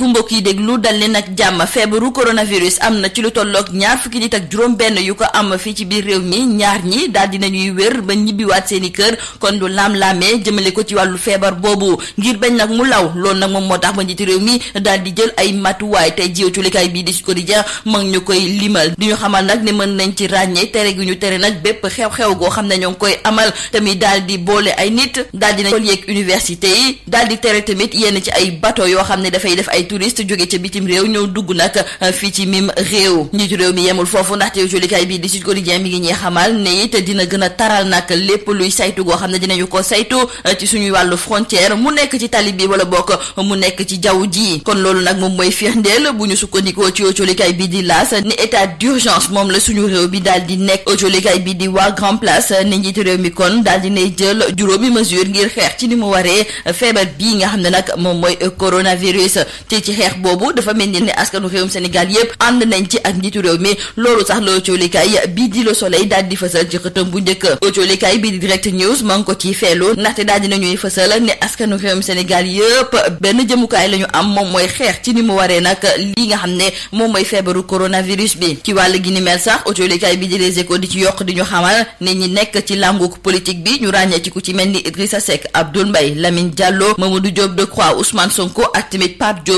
bu mbokk yi déglu dal leen nag jàmm feebaru coronavirus am na ci lu tolloog ñaar fukki nit ak juróom benn yu ko am fii ci biir réew mi ñaar ñi daal dinañuy wér ba ñibbiwaat seeni kër kon lu laam-laamee jëmale ko ci wàllu feebar boobu ngir bañ nag mu law loolu nag moom moo tax ba njiitu réew mi daal di jël ay matuwaay tey jiw culikaay bii di su quotidien mag ñu koy limal di ñu xamal nag ne mën nañ ci ràññee tere gi ñu tere nag bépp xew-xew goo xam ne ñoo ngi koy amal tamit daal di boole ay nit daal dinañ yeeg université yi daal di tere tamit yenn ci ay bateau yoo xam ne dafay def ay ay touriste jóge ca bitim réew ñëw dugg nag eh, fii ci mim réew njiitu réew mi yemul foofu ndaxte jolikaay bii di Sud Quotidien ngi ñuy xamal ne it dina gën a taral nag lépp luy saytu goo xam ne dinañu ko saytu eh, ci suñuy wàllu frontière mu nekk ci tali bi wala bokk eh, mu nekk ci jaw ji kon loolu nag moom mooy firndeel bu ñu sukkandikoo ci jolikaay bi di laas ni état d'urgence moom la suñu réew bi daal di nekk jolikaay bii di waa grand place ne njiitu mi kon daal di ne jël juróomi mesure ngir xeex ci ni mu waree feebar bii nga xam ne nag moom mooy coronavirus te ci xeex boobu dafa mel ni askanu réewum Sénégal yëpp ànd nañ ci ak njiitu réew mi loolu sax la coolikaay bii di Le Soleil daal di fësal ci xëtam bu njëkk coolikaay bii di direct news maa ko ciy feelu ndaxte daal dinañuy fësal ne askanu réewum Sénégal yëpp benn jëmukaay la ñu am moom mooy xeex ci ni mu waree nag lii nga xam ne moom mooy feebaru coronavirus bi ci wàll gi ni mel sax coolikaay bi di Les Échos di ci yokk di ñu xamal ne ñi nekk ci lànguk politique bi ñu ràññee ci ku ci mel ni Idrissa Seck Abdoul Mbaye Lamine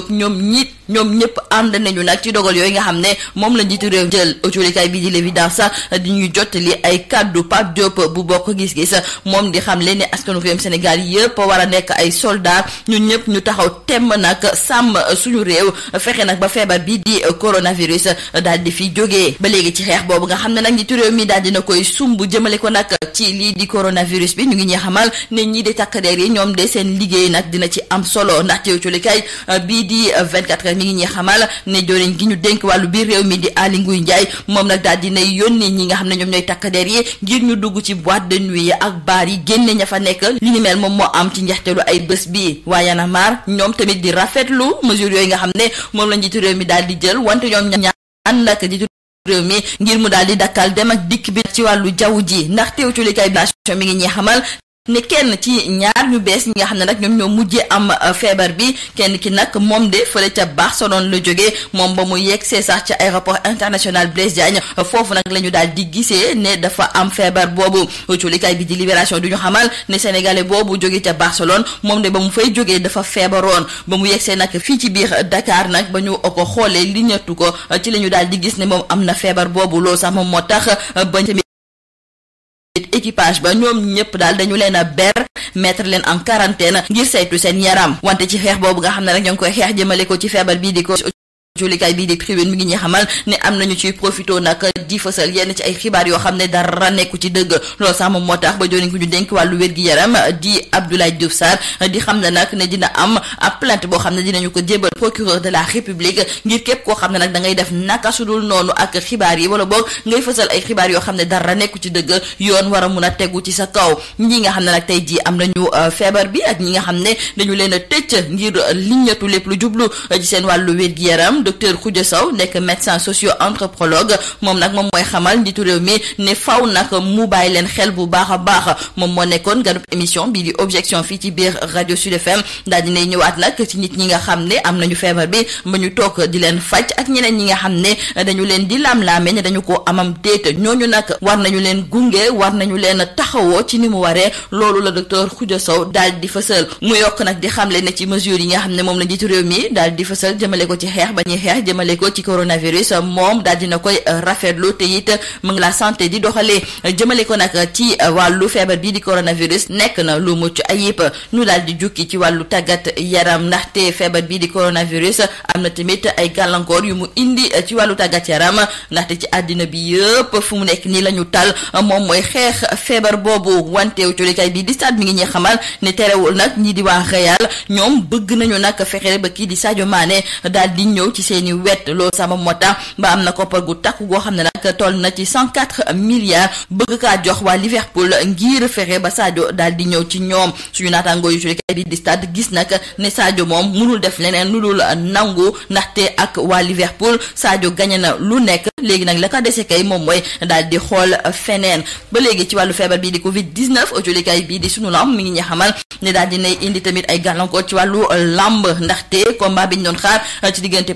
Diop ñoom ñit ñoom ñëpp ànd nañu nag ci dogal yooyu nga xam ne moom la njiitu réew jël autolikaay bi di l'évidence di ñuy jottali ay kàddu Pape Diop bu bokk gis-gis moom di xam leen ne askanu réewum Sénégal yëpp war a nekk ay soldat ñun ñëpp ñu taxaw temm nag sàmm suñu réew fexe nag ba feebar bi di coronavirus daal di fi jógee ba léegi ci xeex boobu nga xam ne nag njiitu réew mi daal dina koy sumb jëmale ko nag ci lii di coronavirus bi ñu ngi ñuy xamal ne ñii di takk der yi ñoom de seen liggéey nag dina ci am solo ndaxte ci 24 heures mi ngi ñuy xamal ne joriñ gi ñu dénk wàllu biir réew mi di Aly Ngouille Ndiaye moom nag daal dinay yónni ñi nga xam ne ñoom ñooy takk der yi ngir ñu dugg ci boîte de nuit yi ak baar yi génne ña fa nekk li ni mel moom moo am ci njeexteelu ay bés bi waaye na maar ñoom tamit di rafet rafetlu mesure yooyu nga xam ne moom la njiitu réew mi daal di jël wante ñoom ñaan nag njiitu réew mi ngir mu daal di dakkal dem ak dikk bi ci wàllu jaww ji ndax teew ci ni kenn ci ñaar ñu bees ñi nga xam ne nag ñoom ñoo mujjee am euh, feebar bi kenn ki nag moom de fële ca Barcelone la jógee moom ba mu yegg see sax ci aéroport international Blaise Diagne foofu nag la ñu daal di gisee ne dafa am feebar boobu culikaay bi di libération du ñu xamal ne sénégalais boobu jógee ca Barcelone moom de ba mu fay jógee dafa feebaroon ba mu yegg see nag fii ci biir Dakar nag ba ñu ko xoolee li ñettu ko ci la ñu daal di gis ne moom am na feebar boobu loolu sax moom moo tax euh, équipage ba ñoom ñëpp daal dañu leen a ber mettre leen en quarantaine ngir saytu seen yaram wante ci xeex boobu nga xam ne rek ñoo ngi koy xeex jëmale ko ci feebar bii di ko julikaay bii di tribune mu ngi ñuy xamal ne am nañu ci profito nag di fësal yenn ci ay xibaar yoo xam ne dara nekku ci dëgg loolu sax moo tax ba jooni ko ñu dénk wàllu wér-gi-yaram di Abdoulaye Diouf Sarr di xam ne nak ne dina am ab plainte boo xam ne dinañu ko jébal procureur de la république ngir képp koo xam ne nag dangay def naka su dul noonu ak xibaar yi wala boog ngay fësal ay xibaar yoo xam ne dara nekku ci dëgg yoon war a mun a tegu ci sa kaw ñi nga xam ne nag tey jii am nañu euh, feebar bi ak ñi nga xam ne dañu leen a tëcc ngir liñatu lépp lu jublu ci seen wàllu wér yaram docteur Khoudia Sow nekk médecin socio anthropologue moom nag moom mooy xamal njiitu réew mi ne faw nag mu bàyyi leen xel bu baax a baax moom moo nekkoon ganub émission bi di objection fii ci biir rajo Sud FM daal dinay ñëwaat nag ci nit ñi nga xam ne am nañu feebar bi ba ñu toog di leen faj ak ñeneen ñi nga xam ne dañu leen di laam-laame ne dañu ko amam déet ñooñu nag war nañu leen gunge war nañu leen taxawoo ci ni mu waree loolu la docteur Khoudia Sow daal di fësal mu yokk nag di xamle ne ci mesures yi nga xam ne moom la njiitu réew mi daal di fësal jëmale ko ci xeex ba ñuy xeex jëmale ko ci coronavirus moom daal dina koy euh, rafetlu te it mu ngi la santé di doxalee jëmale ko nag ci euh, wàllu feebar bii di coronavirus nekk na lu mucc ayib ñu daal di jukki ci wàllu tàggat yaram ndaxte feebar bii di coronavirus am na tamit ay gàllankoor yu mu indi euh, ci wàllu tàggat yaram ndaxte ci àddina bi yëpp fu mu nekk nii la ñu tal moom mooy xeex feebar boobu wanteew colikaay bi di stade mi ngi ñuy xamal ne terewul nag ñi di waa Real ñëw ci seeni wet loolu sama moo tax ba am na koppar gu takk goo xam ne nag toll na ci cent quatre milliards bëgg kaa jox waa Liverpool ngir fexe ba Sadio daal di ñëw ci ñoom suñu naataangoo yu jolikay di stade gis nag ne saajo moom mënul def leneen lu dul nangu ndaxte ak waa Liverpool saajo gañe na lu nekk léegi nag la ko dese kay moom mooy daal di xool feneen ba léegi ci wàllu feebar bii di Covid 19 jolikay bii di sunu lamb mi ngi ñu xamal ne daal di nay indi tamit ay gàllankoor ci wàllu lamb ndaxte combat bi ñu doon xaar ci diggante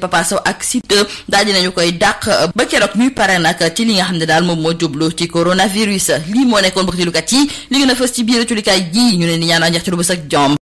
ba keroog ñuy pare na nag ci li nga xam ne daal moom moo jublu ci coronavirus lii moo nekkoon li gën a fës ci biir ci lukaay yi ñu leen di ñaanal njeex ci lu bës ak jom